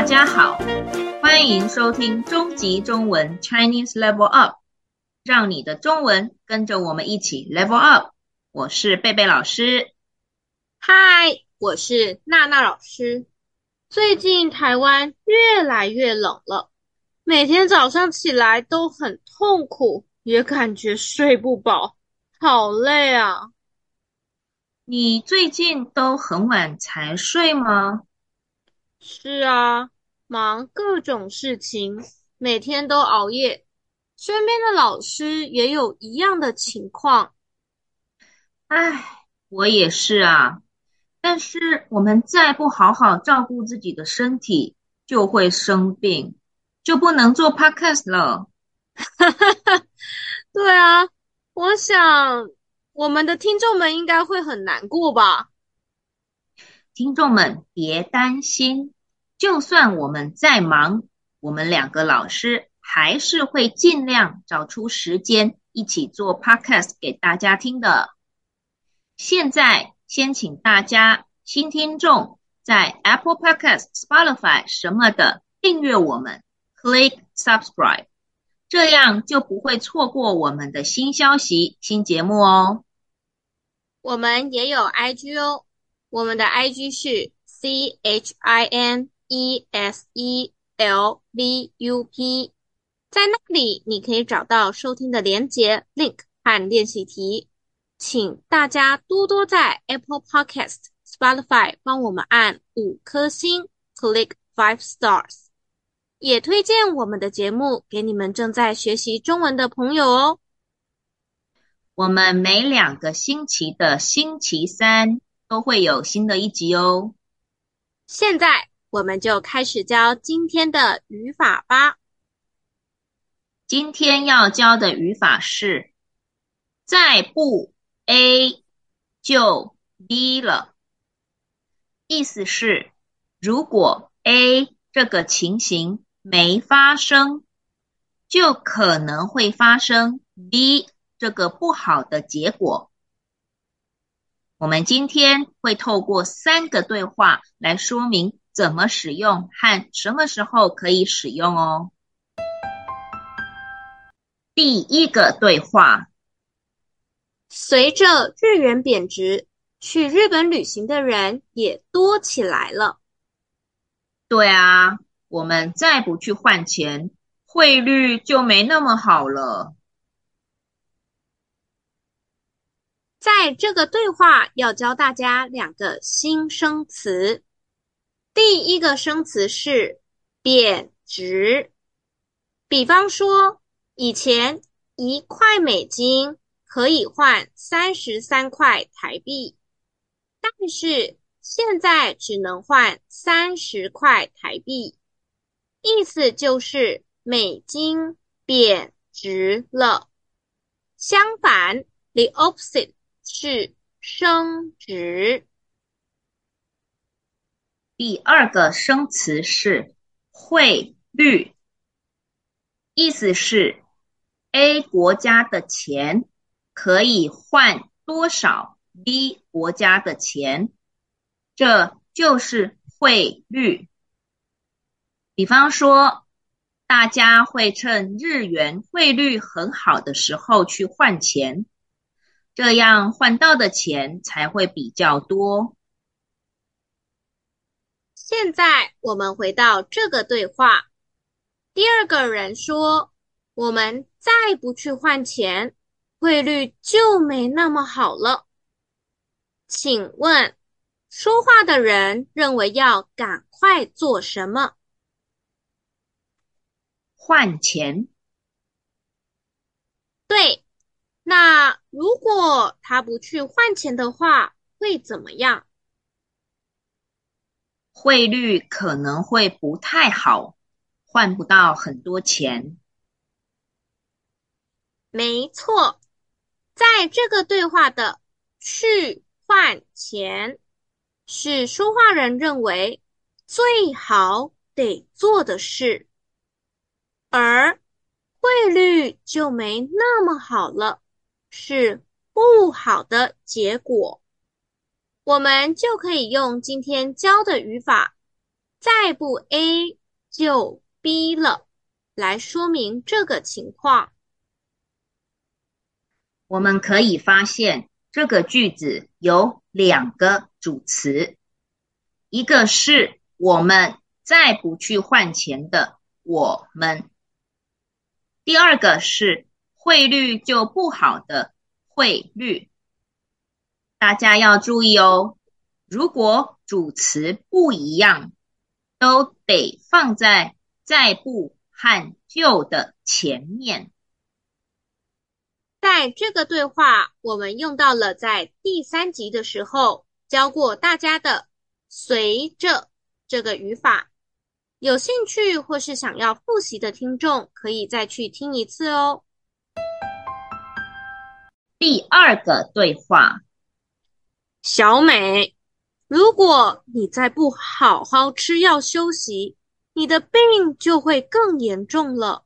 大家好，歡迎收聽中級中文 Chinese Level Up，讓你的中文跟着我們一起 Level Up。我是貝貝老師，嗨，我是娜娜老師。最近台灣越來越冷了，每天早上起來都很痛苦，也感覺睡不飽，好累啊。你最近都很晚才睡嗎？是啊。忙各種事情，每天都熬夜，身邊的老師也有一樣的情況。唉，我也是啊。但是我們再不好好照顧自己的身體，就會生病，就不能做 podcast 了。哈哈哈，對啊，我想我們的聽眾們應該會很難過吧。聽眾們，別擔心。就算我們再忙，我們兩個老師還是會盡量找出時間一起做 podcast 給大家聽的。現在先請大家新聽眾在 Apple Podcast、Spotify 什麼的訂閱我們，click subscribe，這樣就不會錯過我們的新消息、新節目哦。我們也有 IG 哦，我們的 IG 是 CHIN。S e s e l b u p，在那裡你可以找到收聽的連接 link 和練習題，請大家多多在 Apple Podcast、Spotify 幫我們按五顆星，click five stars，也推薦我們的節目給你們正在學習中文的朋友哦。我們每兩個星期的星期三都會有新的一集哦。現在。我們就開始教今天的語法吧。今天要教的語法是“再不 a 就 b 了”，意思是如果 a 這個情形沒發生，就可能會發生 b 這個不好的結果。我們今天會透過三個對話來說明。怎麼使用和什麼時候可以使用哦。第一個對話，隨着日元貶值，去日本旅行的人也多起來了。對啊，我們再不去換錢，匯率就沒那麼好了。在這個對話要教大家兩個新生詞。第一個生詞是貶值，比方說，以前一塊美金可以換三十三塊台幣，但是現在只能換三十塊台幣，意思就是美金貶值了。相反，the opposite 是升值。第二個生詞是匯率，意思是 A 國家的錢可以換多少 B 國家的錢，這就是匯率。比方說，大家會趁日元匯率很好的時候去換錢，這樣換到的錢才會比較多。現在我們回到這個對話，第二個人說：“我們再不去換錢，匯率就沒那麼好了。”請問說話的人認為要趕快做什麼？換錢。對，那如果他不去換錢的話，會怎麼樣？匯率可能會不太好，換不到很多錢。沒錯，在這個對話的去換錢，是說話人認為最好得做的事，而匯率就沒那麼好了，是不好的結果。我們就可以用今天教的語法“再不 A 就 B 了”來說明這個情況。我們可以發現，這個句子有兩個主詞，一個是我們再不去換錢的我們，第二個是匯率就不好的匯率。大家要注意哦，如果主詞不一樣，都得放在再不和就的前面。在這個對話，我們用到了在第三集的時候教過大家的隨着這個語法。有興趣或是想要複習的聽眾，可以再去聽一次哦。第二個對話。小美，如果你再不好好吃藥休息，你的病就會更嚴重了。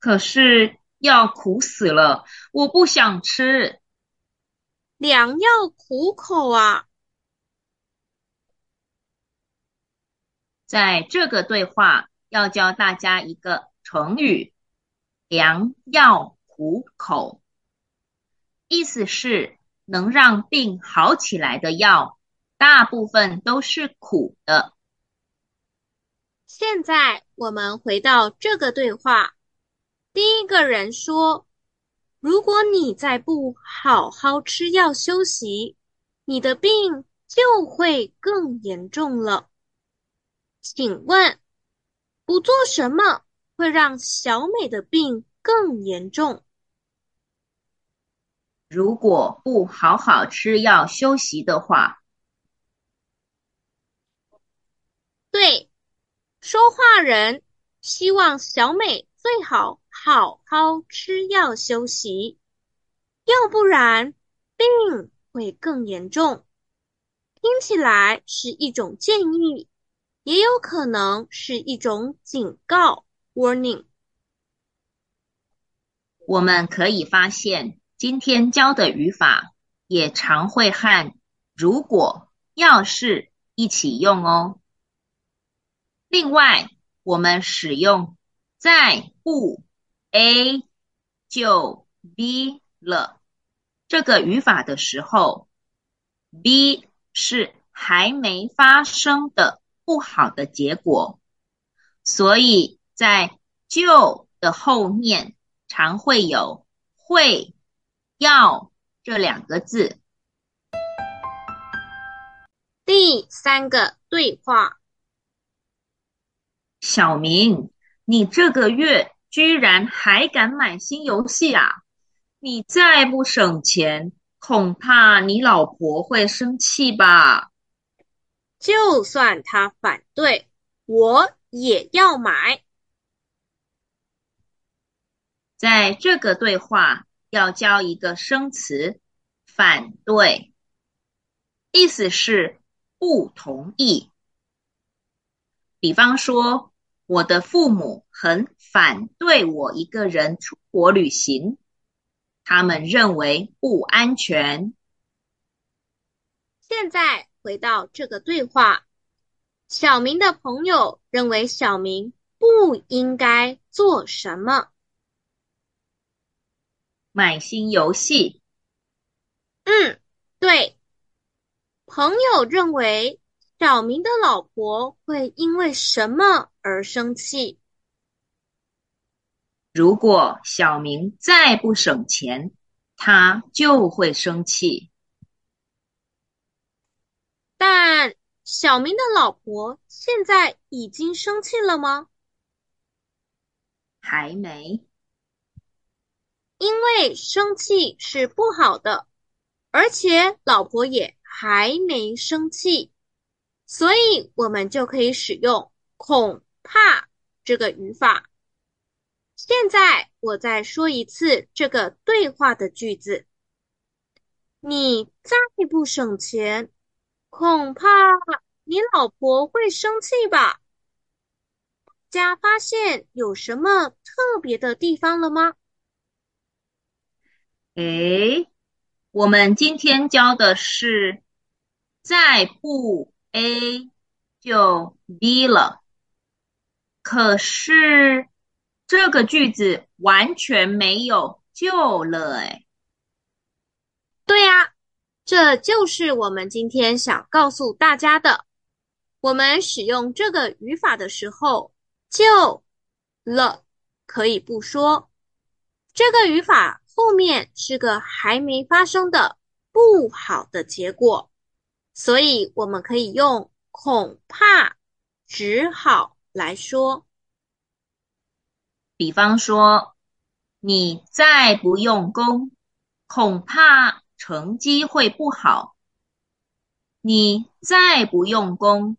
可是，藥苦死了，我不想吃。良藥苦口啊！在這個對話要教大家一個成語“良藥苦口”，意思是。能讓病好起來的藥，大部分都是苦的。現在我們回到這個對話，第一個人說：“如果你再不好好吃藥休息，你的病就會更嚴重了。”請問，不做什麼會讓小美的病更嚴重？如果不好好吃藥休息的話。對，說話人希望小美最好好好吃藥休息，要不然病會更嚴重。聽起來是一種建議，也有可能是一種警告 （warning）。我們可以發現。今天教的語法也常會和“如果要是”一起用哦。另外，我們使用“再不 a 就 b 了”這個語法的時候，b 是還沒發生的不好的結果，所以在“就”的後面常會有“會”。要這兩個字。第三個對話：小明，你這個月居然還敢買新遊戲啊？你再不省錢，恐怕你老婆會生氣吧？就算她反對，我也要買。在這個對話。要教一個生詞，反對，意思是不同意。比方說，我的父母很反對我一個人出國旅行，他們認為不安全。現在回到這個對話，小明的朋友認為小明不應該做什麼？買新遊戲。嗯，對。朋友認為小明的老婆會因為什麼而生氣？如果小明再不省錢，他就會生氣。但小明的老婆現在已經生氣了嗎？還沒。因為生氣是不好的，而且老婆也還沒生氣，所以我們就可以使用“恐怕”這個語法。現在我再說一次這個對話的句子：你再不省錢，恐怕你老婆會生氣吧？大家發現有什麼特別的地方了嗎？誒，我們今天教的是再不 A 就 B 了，可是這個句子完全沒有就了哎。對呀，啊，這就是我們今天想告訴大家的：我們使用這個語法的時候，就了可以不說這個語法。後面是個還沒發生的不好的結果，所以我們可以用“恐怕”、“只好”來說。比方說，你再不用功，恐怕成績會不好。你再不用功，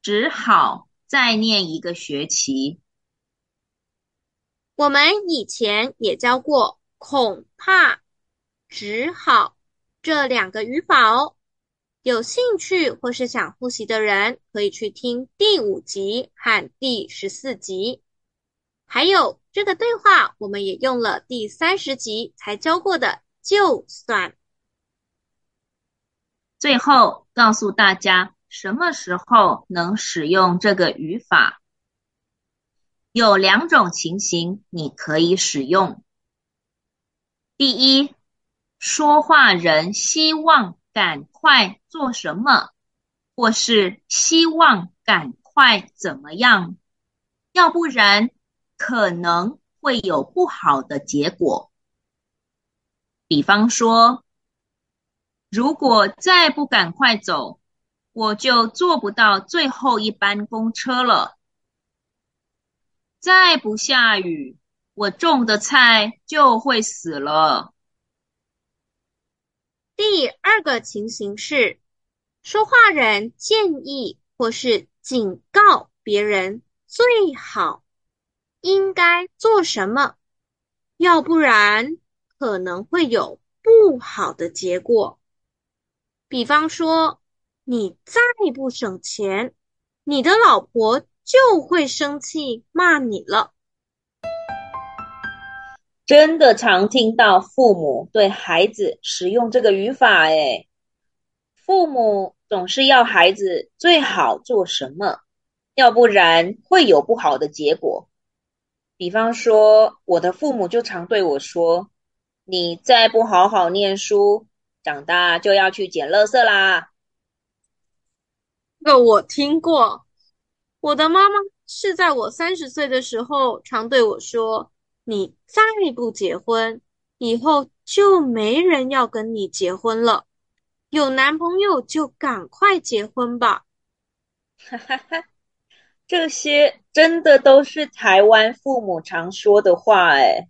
只好再念一個學期。我們以前也教過，恐怕只好這兩個語法哦。有興趣或是想複習的人，可以去聽第五集和第十四集。還有這個對話，我們也用了第三十集才教過的，就算。最後告訴大家什麼時候能使用這個語法，有兩種情形你可以使用。第一，說話人希望趕快做什麼，或是希望趕快怎麼樣，要不然可能會有不好的結果。比方說，如果再不趕快走，我就坐不到最後一班公車了。再不下雨。我種的菜就會死了。第二個情形是，說話人建議或是警告別人最好應該做什麼，要不然可能會有不好的結果。比方說，你再不省錢，你的老婆就會生氣罵你了。真的常聽到父母對孩子使用這個語法，哎，父母總是要孩子最好做什麼，要不然會有不好的結果。比方說，我的父母就常對我說：“你再不好好念書，長大就要去撿垃圾啦。”這個我聽過。我的媽媽是在我三十歲的時候常對我說。你再不結婚，以後就沒人要跟你結婚了。有男朋友就趕快結婚吧。哈哈哈哈，這些真的都是台灣父母常說的話誒。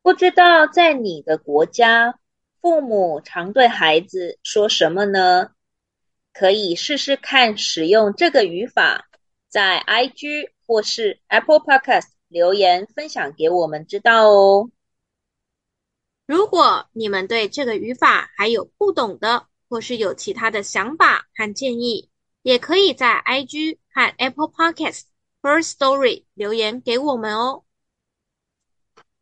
不知道在你的國家，父母常對孩子說什麼呢？可以試試看使用這個語法，在 IG 或是 Apple Podcast。留言分享給我們知道哦。如果你們對這個語法還有不懂的，或是有其他的想法和建議，也可以在 IG 和 Apple Podcasts Firstory 留言給我們哦。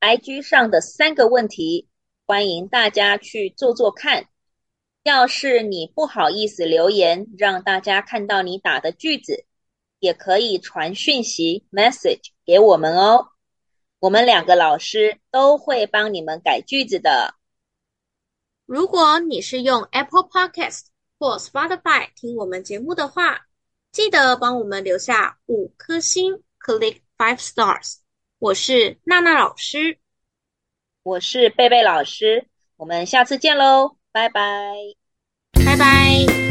IG 上的三個問題，歡迎大家去做做看。要是你不好意思留言，讓大家看到你打的句子，也可以傳訊息 （message）。給我們哦，我們兩個老師都會幫你們改句子的。如果你是用 Apple Podcast 或 Spotify 聽我們節目的話，記得幫我們留下五顆星，click five stars。我是娜娜老師，我是貝貝老師，我們下次見嘍，拜拜，拜拜。